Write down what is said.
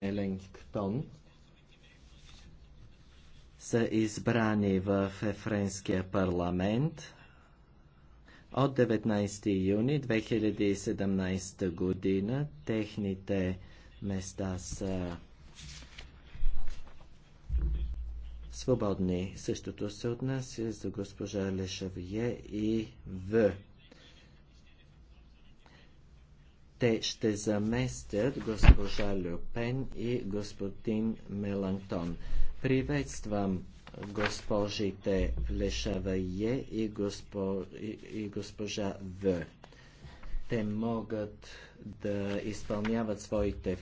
Елингтон са избрани в Ефренския парламент от 19 юни 2017 година. Техните места са свободни. Същото се отнася за госпожа Лешавие и В. Те ще заместят госпожа Люпен и господин Мелантон. Приветствам госпожите Лешавае и, госпо... и госпожа В. Те могат да изпълняват своите